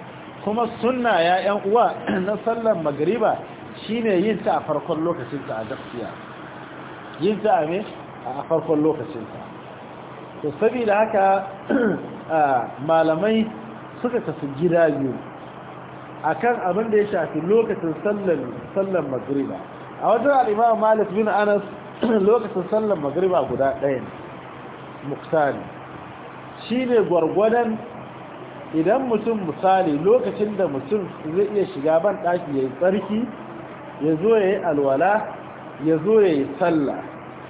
kuma suna ya yan uwa na sallar magariba shi ne yin ta a farkon lokacinta a jafiya yin ta a me a farkon lokacinta to saboda haka malamai suka tafi gida biyu kan abin da ya shafi lokacin sallar magariba a wajen al Malik bin Anas lokacin sallar magariba guda ɗaya ne muktali ne gwargwadon idan mutum misali lokacin da mutum zai iya shiga ban ɗaki ya yi tsarki ya zo ya yi alwala ya zo ya yi sallah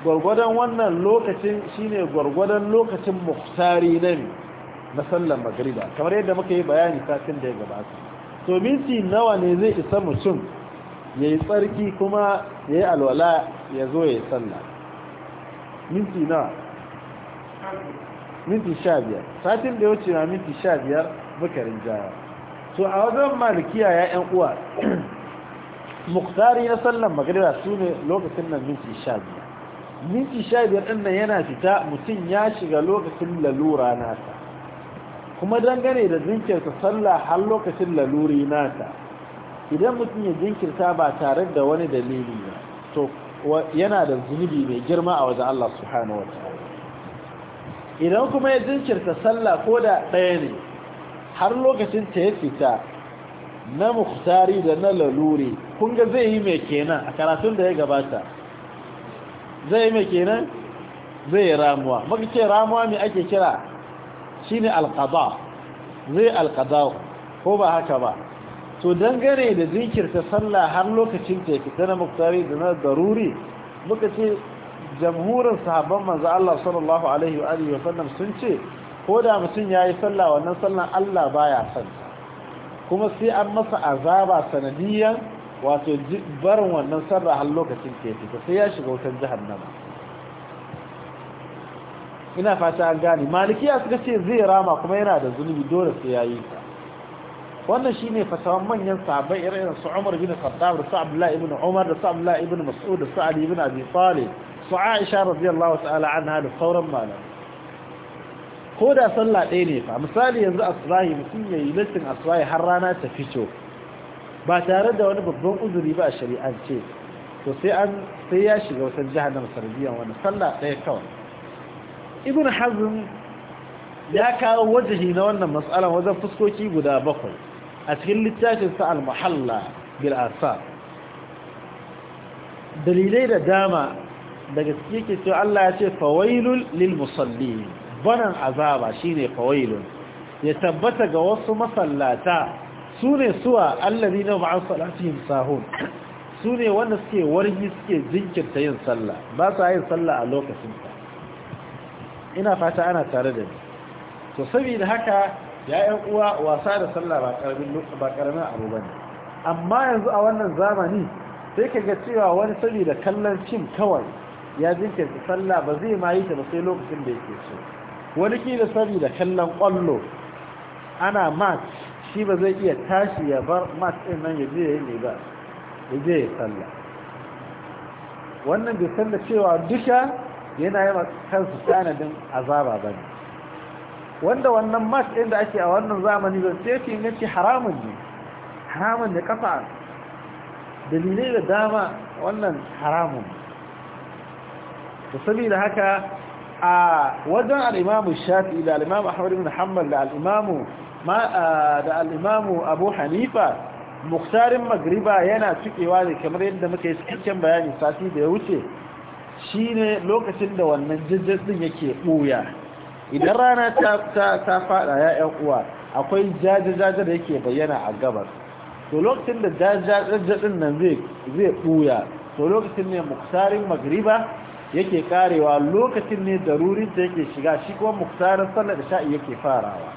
gwargwadon wannan lokacin shi ne gwargwadon lokacin muktari na ne na sallar magariba kamar yadda muka yi bayani kafin da ya gabata to minti nawa ne zai isa mutum ya yi tsarki kuma ya yi alwala ya zo ya yi sallah minti nawa minti sha biyar satin da ya wuce na minti sha biyar bakarin jaya so a wajen malikiya ya yan uwa muktari na sallan magarira su ne lokacin nan minti sha biyar minti sha biyar ɗin nan yana fita mutum ya shiga lokacin lalura nasa kuma dangane da jinkirta sallah har lokacin laluri nasa idan mutum ya jinkirta ba tare da wani dalili ba to yana da zunubi mai girma a wajen Allah subhanahu idan kuma ya jinkirta sallah ko da ɗaya ne har lokacin ta ya fita na muktari da na lalure kun ga zai yi mai kenan a karatun da ya gabata zai yi mai kenan zai ramuwa maka ce ramuwa mai ake kira shi ne alkaba zai alkaba ko ba haka ba to dangane da jinkirta sallah har lokacin ta ya fita na muktari da na daruri muka ce jamhurin sahabban manzo Allah sallallahu alaihi wa alihi wa sallam sun ce ko da mutum yayi sallah wannan sallan Allah baya san kuma sai an masa azaba sanadiyan wato barin wannan sarra har lokacin ke fita sai ya shiga wutar jahannama ina fata an gane malikiya suka ce zai rama kuma yana da zunubi dole sai yayi ta wannan shine fatawan manyan sahabbai irin su Umar bin Khattab da su ibn Umar da su ibn Mas'ud da su Abi Talib su aisha radiyallahu ta'ala anha da sauran malam ko da sallah ɗaya ne fa misali yanzu asrahi mutum ya yi lissin asrahi har rana ta fito ba tare da wani babban uzuri ba a shari'ance to sai an sai ya shiga wutar jihar sarbiyan wani sallah ɗaya kawai ibn hazm ya kawo wajahi na wannan matsalan wajen fuskoki guda bakwai a cikin littafin sa al-muhalla bil asar dalilai da dama da gaske ke cewa Allah ya ce fawailul lil musalli banan azaba shine fawailun ya tabbata ga wasu masallata sune suwa alladina ma'a salatihim sahun sune wanda suke wargi suke jinkirta yin sallah ba sa yin sallah a lokacin ta ina fata ana tare da ni to saboda haka ya uwa wasa da sallah ba karamin ba karamin abu bane amma yanzu a wannan zamani sai kaga cewa wani saboda kallon fim kawai ya jinkirta sallah ba zai ma yi ta ba sai lokacin da yake so wani kila da kallon kwallo ana match shi ba zai iya tashi ya bar match din nan ya je ya yi ba ya je ya sallah wannan bai san da cewa duka yana yi kansu tanadin azaba ba ne wanda wannan match ɗin da ake a wannan zamani zan tefi ne ce haramun ne haramun ne kafa dalilai da dama wannan haramun to saboda haka a wajen al-Imam Shafi'i da al-Imam Ahmad ibn Hanbal da al-Imam ma da al-Imam Abu Hanifa muktarin magriba yana cikewa ne kamar yadda muka yi cikakken bayani sati da ya wuce shine lokacin da wannan jijjis din yake buya idan rana ta ta fada ya ƴan uwa akwai jajajaja da yake bayyana a gabas to lokacin da jajajaja din nan zai zai buya to lokacin ne muktarin magriba yake karewa lokacin ne darurin da yake shiga shi kuma muktarin sallar isha'i yake farawa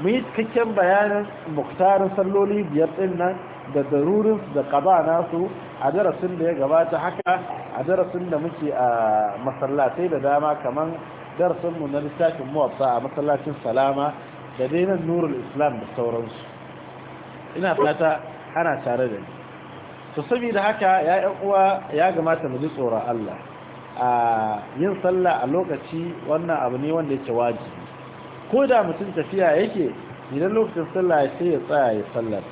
mu yi cikakken bayanin muktarin salloli biyar din nan da darurin da kaza nasu a darasin da ya gabata haka a darasin da muke a masallatai da dama kamar darasin mu na littafin muwaffa a masallacin salama da daina nurul islam da sauransu ina fata ana tare da ni to saboda haka ya uwa ya gamata mu ji tsoron Allah a yin sallah a lokaci wannan abu ne wanda yake wajibi ko da mutum tafiya yake idan lokacin sallah ya sai ya tsaya ya sallar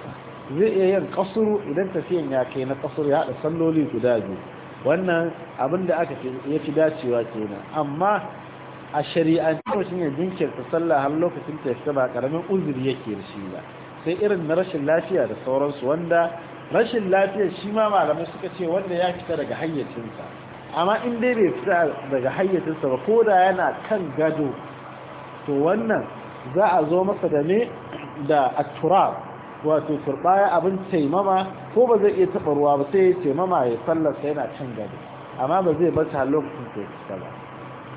zai iya yin kasuru idan tafiyan ya kai na kasuru ya haɗa salloli guda biyu wannan abin da aka ya fi dacewa kenan amma a shari'ance mutum ya jinkirta sallah har lokacin tafiya ba karamin uzuri yake da shi ba sai irin na rashin lafiya da sauransu wanda rashin lafiya shi ma malamai suka ce wanda ya fita daga hayyacinsa amma in dai bai fita daga hayyacinsa ba ko da yana kan gado to wannan za a zo masa da ne da atturab wato turbaya abin taimama ko ba zai iya taɓa ruwa ba sai ya taimama ya sallarsa yana can gado amma ba zai bata lokacin da ya ba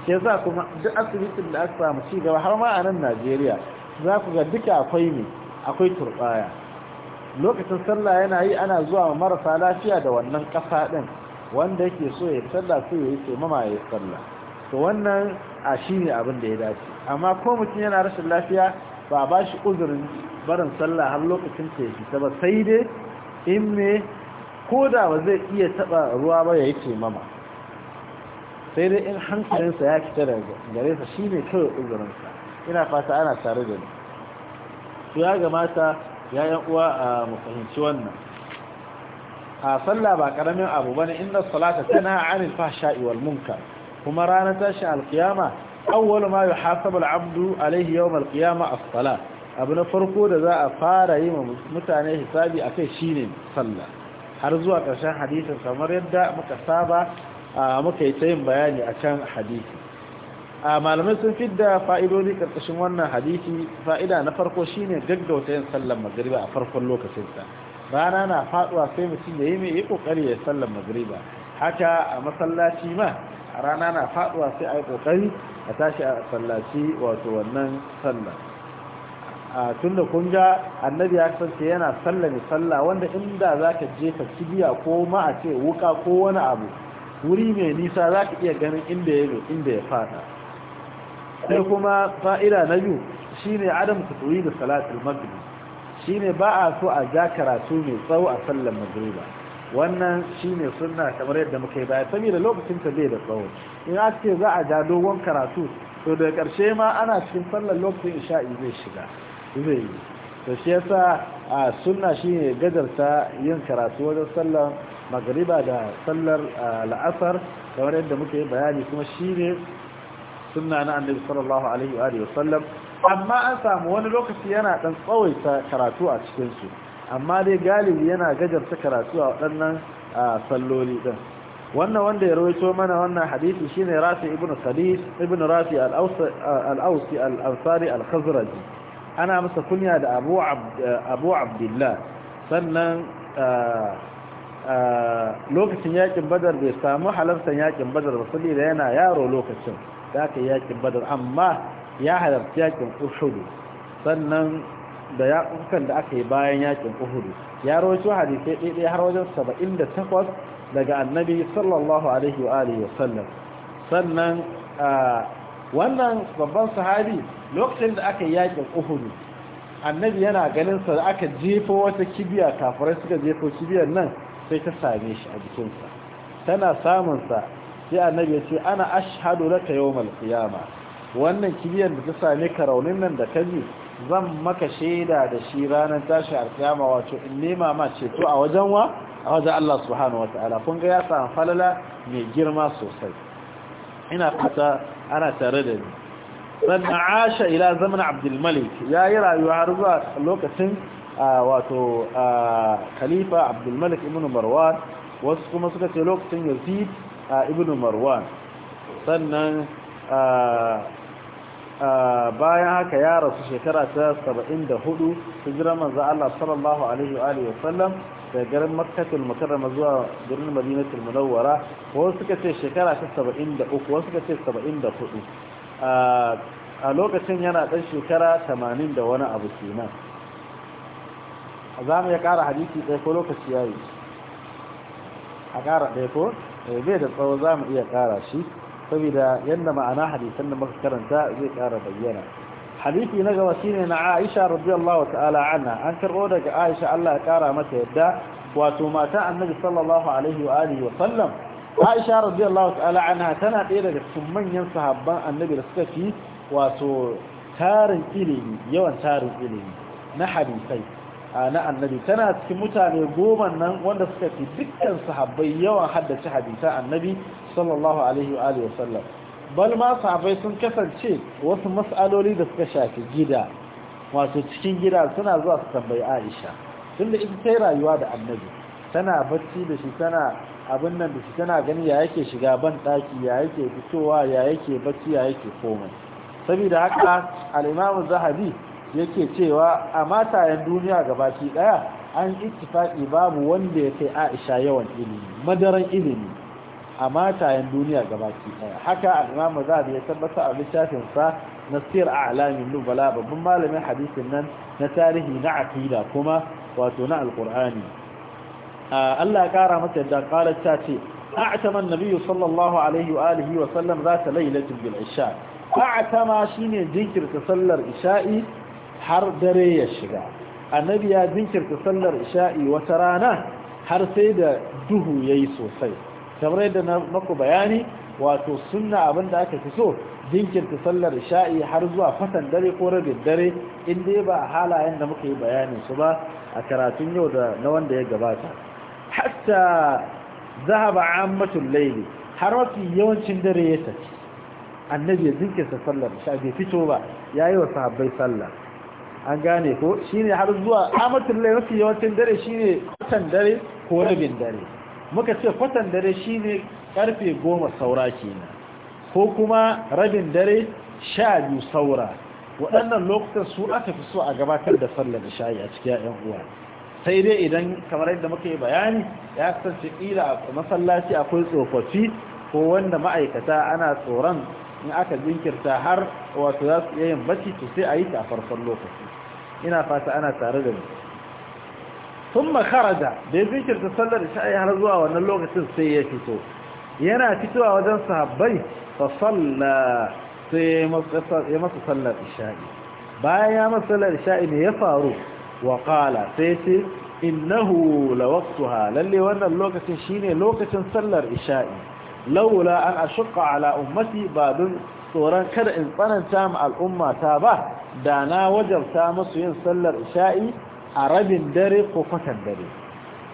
ke za kuma duk asibitin da aka samu ci gaba har ma a nan najeriya za ku ga duka akwai ne akwai turbaya lokacin sallah yana yi ana zuwa marasa lafiya da wannan kasa ɗin wanda yake so ya sallah sai ya yi taimama ya sallah to wannan a shi ne abin da ya dace amma ko mutum yana rashin lafiya ba ba shi uzurin barin sallah har lokacin ta yake ta ba sai dai in me ko da ba zai iya taba ruwa ba ya yi taimama sai dai in hankalinsa ya fita daga gare sa shi ne kawai uzurinsa ina fata ana tare da ni su ya gamata ya yan uwa a mu fahimci wannan a sallah ba karamin abu bane inna salata tana anil fahsha'i wal munkar kuma ranar tashin alkiyama awwal ma yuhasabu al-abdu alayhi yawm al-qiyama as abu na farko da za a fara yi mutane hisabi akai shine sallah har zuwa ƙarshen hadisin kamar yadda muka saba muka yi ta yin bayani a akan hadisi malamai sun fidda fa'idodi ƙarƙashin wannan hadisi fa'ida na farko shine gaggauta yin sallar magariba a farkon lokacinsa rana na faduwa sai mutum ya yi mai yi kokari ya sallar magriba haka a masallaci ma a rana na faduwa sai a yi kokari a tashi a sallaci wato wannan sallar a tun da kunga annabi ya kasance yana sallar ne sallah wanda inda za ka je ka cibiya ko ma a ce wuka ko wani abu wuri mai nisa za ka iya ganin inda ya inda ya fada sai kuma fa'ida na biyu shine adam kusuri da salatul maghrib ne ba a so a ja karatu mai tsawo a sallar magriba wannan shine suna kamar yadda muka yi baya saboda lokacin ta zai da tsawo in a ce za a ja dogon karatu to da karshe ma ana cikin sallar lokacin isha'i zai shiga zai yi to shi yasa a sunna shine gajarta yin karatu wajen sallar magriba da sallar la'asar kamar yadda muka yi bayani kuma shi ne suna na annabi sallallahu alaihi wa sallam amma an samu wani lokaci yana ɗan tsawaita karatu a cikinsu amma dai galibi yana gajarta karatu a waɗannan salloli ɗin wannan wanda ya rawaito mana wannan hadisi shine rafi ibn sadis ibn rafi al-ausi al-ansari al-khazraji ana masa kunya da abu abu abdullah sannan lokacin yakin badar bai samu halartar yakin badar ba saboda yana yaro lokacin da aka yakin badar amma ya halarci yakin uhudu sannan da yakukan da aka yi bayan yakin uhudu ya rawaito hadisai ɗaiɗai har wajen 78 daga annabi sallallahu alaihi wa alihi wasallam sannan wannan babban sahabi lokacin da aka yi yakin uhudu annabi yana ganin sa da aka jefo wata kibiya kafirai suka jefo kibiyar nan sai ta same shi a jikinsa tana samunsa sai annabi ya ce ana ashhadu laka yawmal qiyamah wannan kibiyar da ta sami ka raunin nan da ka ji zan maka shaida da shi ranar tashi kiyama wato in nema ma ceto a wajen wa a wajen Allah subhanahu Ta'ala kun ga ya samu falala mai girma sosai ina fata ana tare da ni sannan asha ila zaman abdul malik ya yi rayuwa har zuwa lokacin wato khalifa abdul malik ibn marwan wasu kuma suka ce lokacin yazid ibn marwan sannan bayan haka ya rasu shekara ta 74 hijirar manzo Allah sallallahu alaihi wa alihi wasallam daga garin Makkatul Mukarrama zuwa garin Madinatul Munawwara ko suka ce shekara ta 73 ko suka ce 74 a lokacin yana dan shekara 80 da wani abu kenan za mu ya kara hadisi ɗaya ko lokaci yayi a kara ɗaya ko eh, bai da tsawo za mu iya kara shi saboda yanda ma'ana hadisan da muka karanta zai kara bayyana hadisi na gaba shine na Aisha radiyallahu ta'ala anha an karbo daga Aisha Allah ya kara mata yadda wato mata Annabi sallallahu alaihi wa alihi wa sallam Aisha radiyallahu ta'ala anha tana ɗaya daga cikin manyan sahabban Annabi da suka fi wato tarin ilimi yawan tarin ilimi na hadisai na annabi tana cikin mutane goma nan wanda suka fi dukkan sahabbai yawan haddace hadisa annabi sallallahu alaihi wa alihi wasallam bal ma sahabbai sun kasance wasu mas'aloli da suka shafi gida wato cikin gida suna zuwa su tambayi Aisha tunda ita ta rayuwa da annabi tana bacci da shi tana abin nan da shi tana gani ya yake shiga ban daki ya yake fitowa ya yake bacci ya yake komai saboda haka al-Imam Zahabi yake cewa a matayen duniya gabaki daya an ittifaqi babu wanda ya kai Aisha yawan ilimi madaran ilimi a matayen duniya gabaki daya haka Imam Zahabi ya tabbata a littafin sa Nasir A'lamin Nubala babban malamin hadisin nan na tarihi na aqida kuma wato na alqur'ani Allah ya kara mata da qalat ta ce a'tama an-nabiy sallallahu alaihi wa alihi wa sallam zata lailatul isha a'tama shine jinkirta sallar isha'i har dare ya shiga annabi ya jinkirta sallar isha'i wata rana har sai da duhu yayi sosai kamar yadda na maku bayani wato sunna abin da aka fi so jinkirta sallar isha'i har zuwa fatan dare ko rabin dare in dai ba a halayen da muka yi bayanin su ba a karatun yau da na wanda ya gabata hatta zahaba ammatul layli har mafi yawancin dare ya tafi annabi ya jinkirta sallar isha'i bai fito ba yayi wa sahabbai sallah an gane ko shine har zuwa amatul yawancin dare shine kwatan dare ko rabin dare muka ce kwatan dare shine karfe goma saura kenan ko kuma rabin dare sha biyu saura waɗannan lokutan su aka fi so a gabatar da sallar shayi a cikin 'yan uwa sai dai idan kamar yadda muka yi bayani ya kasance kila a masallaci akwai tsofaffi ko wanda ma'aikata ana tsoron in aka jinkirta har wato za su iya yin bacci to sai a yi ta a farkon lokaci ina fata ana tare da mu sun makaraja da ya jinkirta sallar sha'i har zuwa wannan lokacin sai ya fito yana fitowa wajen sahabbai fa salla sai ya masa sallar isha'i bayan ya masa sallar isha'i ne ya faru wa sai ce innahu lawaqtuha lalle wannan lokacin shine lokacin sallar isha'i laula an ashqa ala ummati ba dun tsoron kada in tsananta ma al'umma ta ba da na wajabta musu yin sallar isha'i a rabin dare ko fatan dare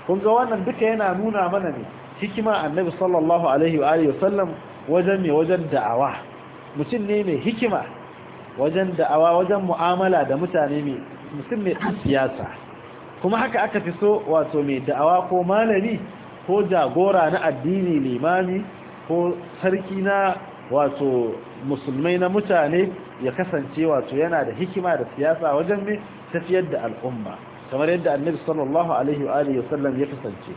kun ga wannan duka yana nuna mana ne hikima annabi sallallahu alaihi wa alihi wasallam wajen ne wajen da'awa mutum ne mai hikima wajen da'awa wajen mu'amala da mutane mai mutum mai siyasa kuma haka aka fi so wato mai da'awa ko malami ko jagora na addini limami ko sarki na wato musulmai na mutane ya kasance wato yana da hikima da siyasa wajen mai tafiyar da al'umma kamar yadda annabi sallallahu alaihi wa alihi wasallam ya kasance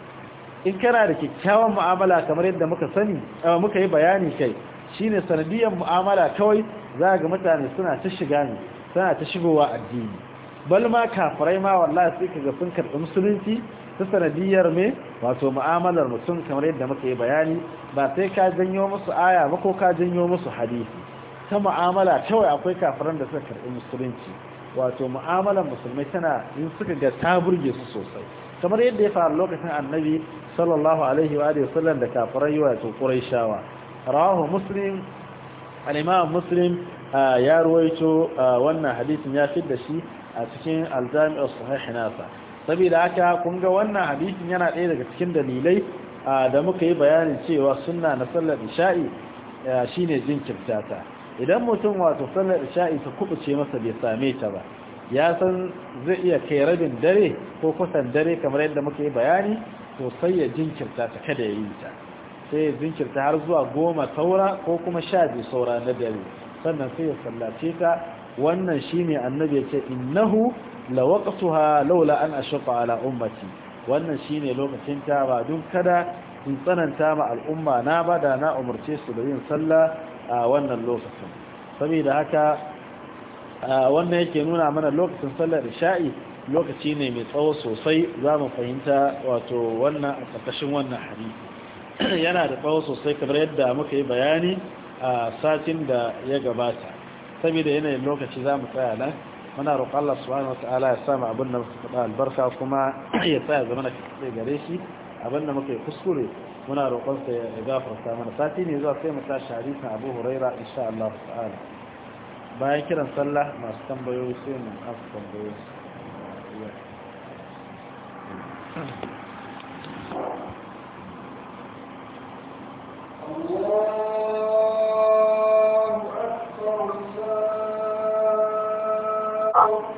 in kana da kyakkyawan mu'amala kamar yadda muka sani eh, muka yi bayani kai shine sanadiyar mu'amala kawai za ga mutane suna ta shiga ne suna ta shigowa addini bal ma kafirai ma wallahi sai kaga sun karɓi musulunci ta sanadiyar me wato mu'amalar mutum kamar yadda muka yi bayani ba sai ka janyo musu aya ba ko ka janyo musu hadisi ta mu'amala kawai akwai kafiran da suka karɓi musulunci wato mu'amalar musulmai tana in suka ga ta burge su sosai kamar yadda ya faru lokacin annabi sallallahu alaihi wa alihi wasallam da kafirai wato quraishawa rawahu muslim al-imam muslim ya ruwaito wannan hadisin ya da shi a cikin al-jami' as-sahih nasa saboda haka kun ga wannan hadisin yana ɗaya daga cikin dalilai da muka yi bayanin cewa suna na sallar isha'i shine jinkirtata. idan mutum wato sallar isha'i ta kubuce masa bai same ta ba ya san zai iya kai rabin dare ko kusan dare kamar yadda muka yi bayani to sai ya jinkirta ta kada ya yi ta sai ya jinkirta har zuwa goma saura ko kuma sha biyu saura na dare sannan sai ya sallace ta wannan shine annabi ya ce innahu la laula an ashqa ala ummati wannan shine lokacin ta ba dun kada in tsananta ma al'umma na bada na umurce su da yin sallah a wannan lokacin saboda haka wannan yake nuna mana lokacin sallar isha'i lokaci ne mai tsawo sosai za mu fahimta wato wannan a ƙarƙashin wannan hadisi yana da tsawo sosai kamar yadda muka yi bayani a satin da ya gabata saboda yanayin lokaci za mu tsaya nan muna roƙon Allah subhanahu wataala ya samu abin da muka faɗa albarka kuma ya tsaya zama na kai gare shi abin da muka yi kuskure muna roƙon sa ya gafarta mana sati ne zuwa sai mu tashi hadisin Abu Huraira insha Allah ta'ala bayan kiran sallah masu tambayoyi sai mu amsa tambayoyi Allah Allah.